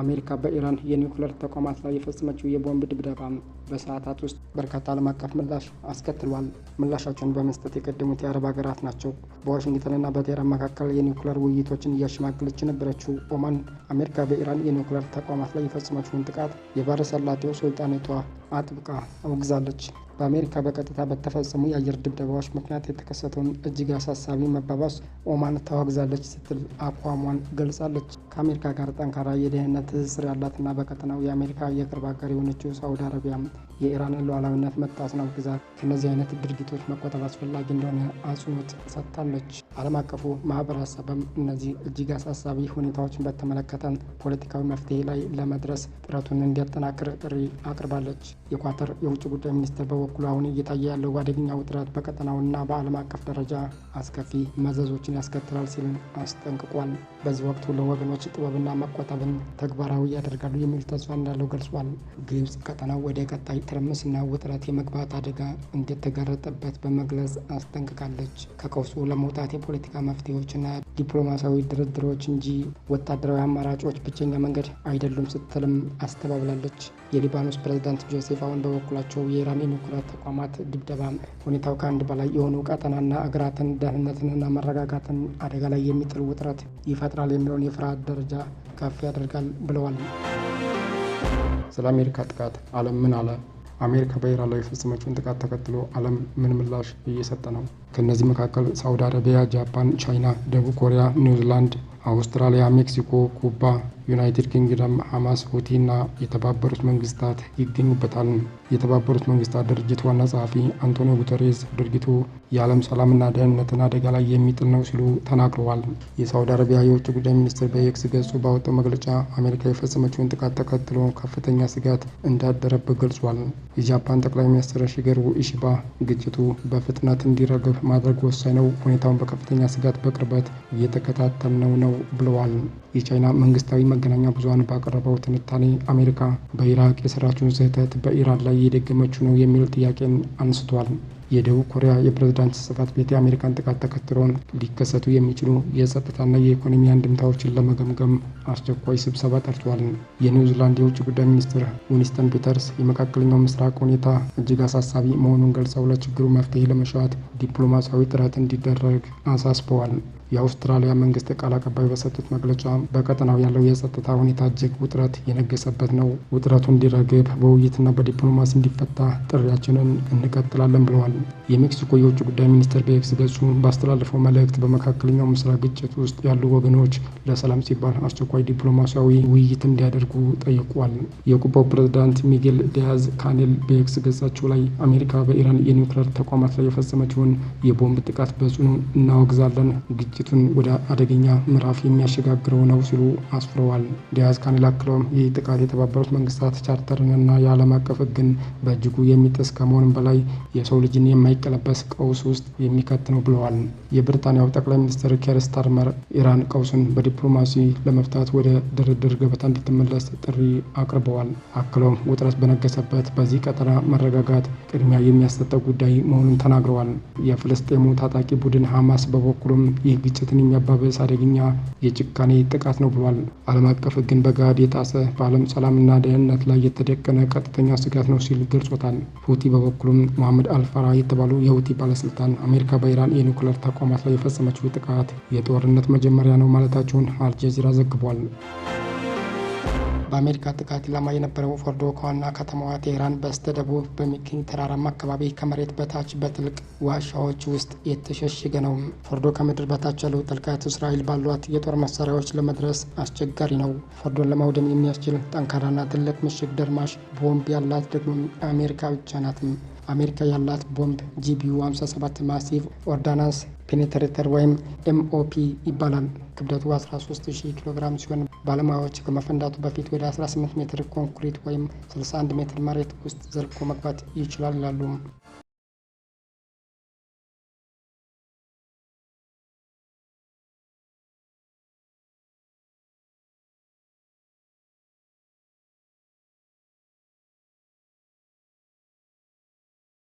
አሜሪካ በኢራን የኒውክሌር ተቋማት ላይ የፈጸመችው የቦምብ ድብደባ በሰዓታት ውስጥ በርካታ ዓለም አቀፍ ምላሽ አስከትሏል። ምላሻቸውን በመስጠት የቀደሙት የአረብ ሀገራት ናቸው። በዋሽንግተንና በቴህራን መካከል የኒውክሌር ውይይቶችን እያሸማገለች የነበረችው ኦማን አሜሪካ በኢራን የኒውክሌር ተቋማት ላይ የፈጸመችውን ጥቃት የባህረ ሰላጤው ሱልጣኔቷ አጥብቃ አውግዛለች። በአሜሪካ በቀጥታ በተፈጸሙ የአየር ድብደባዎች ምክንያት የተከሰተውን እጅግ አሳሳቢ መባባስ ኦማን ታወግዛለች ስትል አቋሟን ገልጻለች። ከአሜሪካ ጋር ጠንካራ የደህንነት ትስስር ያላትና በቀጠናው የአሜሪካ የቅርብ ሀገር የሆነችው ሳውዲ አረቢያ የኢራንን ሉዓላዊነት መጣስ ነው ግዛት ከእነዚህ አይነት ድርጊቶች መቆጠብ አስፈላጊ እንደሆነ አጽንኦት ሰጥታል። አለች። ዓለም አቀፉ ማህበረሰብም እነዚህ እጅግ አሳሳቢ ሁኔታዎችን በተመለከተ ፖለቲካዊ መፍትሄ ላይ ለመድረስ ጥረቱን እንዲያጠናክር ጥሪ አቅርባለች። የኳተር የውጭ ጉዳይ ሚኒስትር በበኩሉ አሁን እየታየ ያለው አደገኛ ውጥረት በቀጠናውና በዓለም አቀፍ ደረጃ አስከፊ መዘዞችን ያስከትላል ሲል አስጠንቅቋል። በዚህ ወቅት ሁሉ ወገኖች ጥበብና መቆጠብን ተግባራዊ ያደርጋሉ የሚል ተስፋ እንዳለው ገልጿል። ግብጽ ቀጠናው ወደ ቀጣይ ትርምስና ውጥረት የመግባት አደጋ እንደተጋረጠበት በመግለጽ አስጠንቅቃለች። ከቀውሱ ለመውጣት የፖለቲካ መፍትሄዎችና ዲፕሎማሲያዊ ድርድሮች እንጂ ወታደራዊ አማራጮች ብቸኛ መንገድ አይደሉም ስትልም አስተባብላለች። የሊባኖስ ፕሬዝዳንት ጆሴፍ አሁን በበኩላቸው የኢራን የኒውክሌር ተቋማት ድብደባ ሁኔታው ከአንድ በላይ የሆኑ ቀጠናና አገራትን ደህንነትንና መረጋጋትን አደጋ ላይ የሚጥል ውጥረት ይፈጥራል የሚለውን የፍርሃት ደረጃ ከፍ ያደርጋል ብለዋል። ስለ አሜሪካ ጥቃት ዓለም ምን አለ? አሜሪካ በኢራን ላይ የፈጸመችውን ጥቃት ተከትሎ ዓለም ምን ምላሽ እየሰጠ ነው? ከእነዚህ መካከል ሳውዲ አረቢያ፣ ጃፓን፣ ቻይና፣ ደቡብ ኮሪያ፣ ኒውዚላንድ፣ አውስትራሊያ፣ ሜክሲኮ፣ ኩባ ዩናይትድ ኪንግደም፣ ሐማስ፣ እና የተባበሩት መንግስታት ይገኙበታል። የተባበሩት መንግስታት ድርጅት ዋና ጸሐፊ አንቶኒዮ ጉተሬዝ ድርጊቱ የዓለም ሰላምና ደህንነትን አደጋ ላይ የሚጥል ነው ሲሉ ተናግረዋል። የሳውዲ አረቢያ የውጭ ጉዳይ ሚኒስትር በኤክስ ገጹ ባወጣው መግለጫ አሜሪካ የፈጸመችውን ጥቃት ተከትሎ ከፍተኛ ስጋት እንዳደረበት ገልጿል። የጃፓን ጠቅላይ ሚኒስትር ሺገሩ ኢሺባ ግጭቱ በፍጥነት እንዲረግብ ማድረግ ወሳኝ ነው፣ ሁኔታውን በከፍተኛ ስጋት በቅርበት እየተከታተልነው ነው ብለዋል። የቻይና መንግስታዊ መገናኛ ብዙሀን ባቀረበው ትንታኔ አሜሪካ በኢራቅ የሰራችውን ስህተት በኢራን ላይ የደገመችው ነው የሚል ጥያቄን አንስቷል። የደቡብ ኮሪያ የፕሬዝዳንት ጽሕፈት ቤት የአሜሪካን ጥቃት ተከትሎን ሊከሰቱ የሚችሉ የጸጥታና የኢኮኖሚ አንድምታዎችን ለመገምገም አስቸኳይ ስብሰባ ጠርቷል። የኒውዚላንድ የውጭ ጉዳይ ሚኒስትር ዊኒስተን ፒተርስ የመካከለኛው ምስራቅ ሁኔታ እጅግ አሳሳቢ መሆኑን ገልጸው ለችግሩ መፍትሄ ለመሻት ዲፕሎማሲያዊ ጥረት እንዲደረግ አሳስበዋል። የአውስትራሊያ መንግስት ቃል አቀባይ በሰጡት መግለጫ በቀጠናው ያለው የጸጥታ ሁኔታ እጅግ ውጥረት የነገሰበት ነው። ውጥረቱ እንዲረግብ በውይይትና በዲፕሎማሲ እንዲፈታ ጥሪያችንን እንቀጥላለን ብለዋል። የሜክሲኮ የውጭ ጉዳይ ሚኒስትር በኤክስ ገጹ ባስተላለፈው መልእክት በመካከለኛው ምስራቅ ግጭት ውስጥ ያሉ ወገኖች ለሰላም ሲባል አስቸኳይ ዲፕሎማሲያዊ ውይይት እንዲያደርጉ ጠይቋል። የኩባው ፕሬዝዳንት ሚጌል ዲያዝ ካኔል በኤክስ ገጻቸው ላይ አሜሪካ በኢራን የኒውክሌር ተቋማት ላይ የፈጸመችውን የቦምብ ጥቃት በጽኑ እናወግዛለን ግጭ ግጭቱን ወደ አደገኛ ምዕራፍ የሚያሸጋግረው ነው ሲሉ አስፍረዋል። ዲያዝ ካኔል አክለውም ይህ ጥቃት የተባበሩት መንግስታት ቻርተርንና የዓለም አቀፍ ሕግን በእጅጉ የሚጥስ ከመሆንም በላይ የሰው ልጅን የማይቀለበስ ቀውስ ውስጥ የሚከት ነው ብለዋል። የብሪታንያው ጠቅላይ ሚኒስትር ኬር ስታርመር ኢራን ቀውሱን በዲፕሎማሲ ለመፍታት ወደ ድርድር ገበታ እንድትመለስ ጥሪ አቅርበዋል። አክለውም ውጥረት በነገሰበት በዚህ ቀጠና መረጋጋት ቅድሚያ የሚያሰጠው ጉዳይ መሆኑን ተናግረዋል። የፍልስጤሙ ታጣቂ ቡድን ሐማስ በበኩሉም ይህ ግጭትን የሚያባበስ አደገኛ የጭካኔ ጥቃት ነው ብሏል። ዓለም አቀፍ ሕግን በጋድ የጣሰ በዓለም ሰላምና ደህንነት ላይ የተደቀነ ቀጥተኛ ስጋት ነው ሲል ገልጾታል። ሁቲ በበኩሉም መሐመድ አልፋራ የተባሉ የሁቲ ባለስልጣን አሜሪካ በኢራን የኒውክለር ተቋማት ላይ የፈጸመችው ጥቃት የጦርነት መጀመሪያ ነው ማለታቸውን አልጀዚራ ዘግቧል። በአሜሪካ ጥቃት ኢላማ የነበረው ፎርዶ ከዋና ከተማዋ ቴህራን በስተ ደቡብ በሚገኝ ተራራማ አካባቢ ከመሬት በታች በጥልቅ ዋሻዎች ውስጥ የተሸሸገ ነው። ፎርዶ ከምድር በታች ያለው ጥልቀት እስራኤል ባሏት የጦር መሳሪያዎች ለመድረስ አስቸጋሪ ነው። ፎርዶን ለማውደም የሚያስችል ጠንካራና ትልቅ ምሽግ ደርማሽ ቦምብ ያላት ደግሞ አሜሪካ ብቻ ናትም። አሜሪካ ያላት ቦምብ ጂቢዩ 57 ማሲቭ ኦርዳናንስ ፔኔትሬተር ወይም ኤምኦፒ ይባላል። ክብደቱ 130 ኪሎ ግራም ሲሆን ባለሙያዎች ከመፈንዳቱ በፊት ወደ 18 ሜትር ኮንክሪት ወይም 61 ሜትር መሬት ውስጥ ዘልቆ መግባት ይችላል ይላሉ።